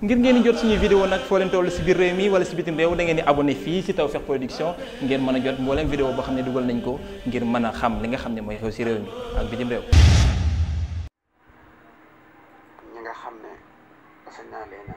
ngir ngeen jot suñuy vidéo nag foo leen toll si biir réew mi wala si bitim réew da ngeen di abonné fii si Tawfekh Production ngeen mën a jot mbooleem vidéo boo xam ne dugal nañ ko ngir mën a xam li nga xam ne mooy xew si réew mi nga xam ne fas naa leen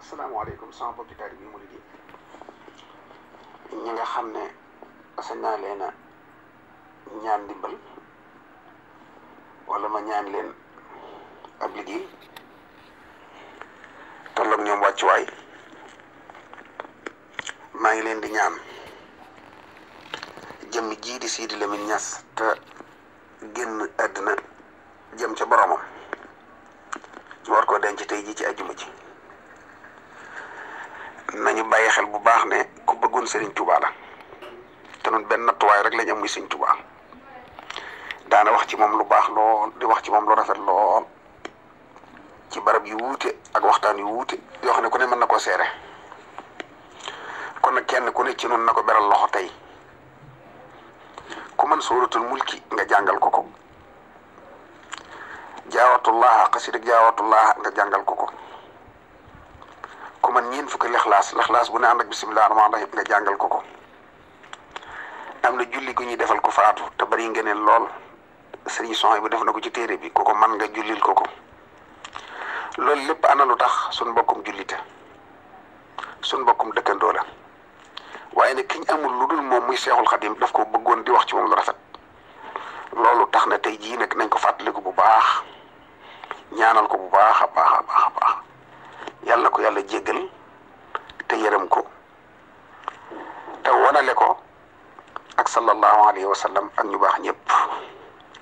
asalaamaaleykum sama bokki taalibe bi mu ndimbal. wala ma ñaan leen ab liggéey tolloog ñoom wàccuwaay maa ngi leen di ñaan jëm jii di Sidi Lamine Niass te génn àddina jëm ca boromam ñu war ko denc tey jii ci ajjuma ji nañu bàyyi xel bu baax ne ku bëggoon Serigne Touba la te noonu benn nattuwaay rek lañ am muy Serigne daana wax ci moom lu baax lool di wax ci moom lu rafet lool ci barab yu wuute ak waxtaan yu wuute yoo xam ne ku ne mën na koo seere kon nag kenn ku ne ci noonu na ko beral loxo tey ku mën suuratul mulki nga jàngal ko ko jaawatullaha xasida jaawatullaha nga jàngal ko ko ku mën ñeent fukki lixlaas lixlaas bu ne ànd ak bisimilah rahmaan rahim nga jàngal ko ko am na julli gu ñuy defal ko faatu te bari ngeen lool sëñ son bu def na ko ci téere bi koko man nga jullil ko loolu lépp ana lu tax suñ mbokkum jullite sun mbokkum dëkkandoo la waaye ne ki ñu amul lu dul moom muy seexul xadim daf ko bëggoon di wax ci moom lu rafet loolu tax na tey jii nag nañ ko fàttaliku bu baax ñaanal ko bu baax a baax a baax a baax yàlla na ko yàlla jéggal te yërëm ko te wanale ko ak sallallahu alayhi wa sallam ak ñu baax ñépp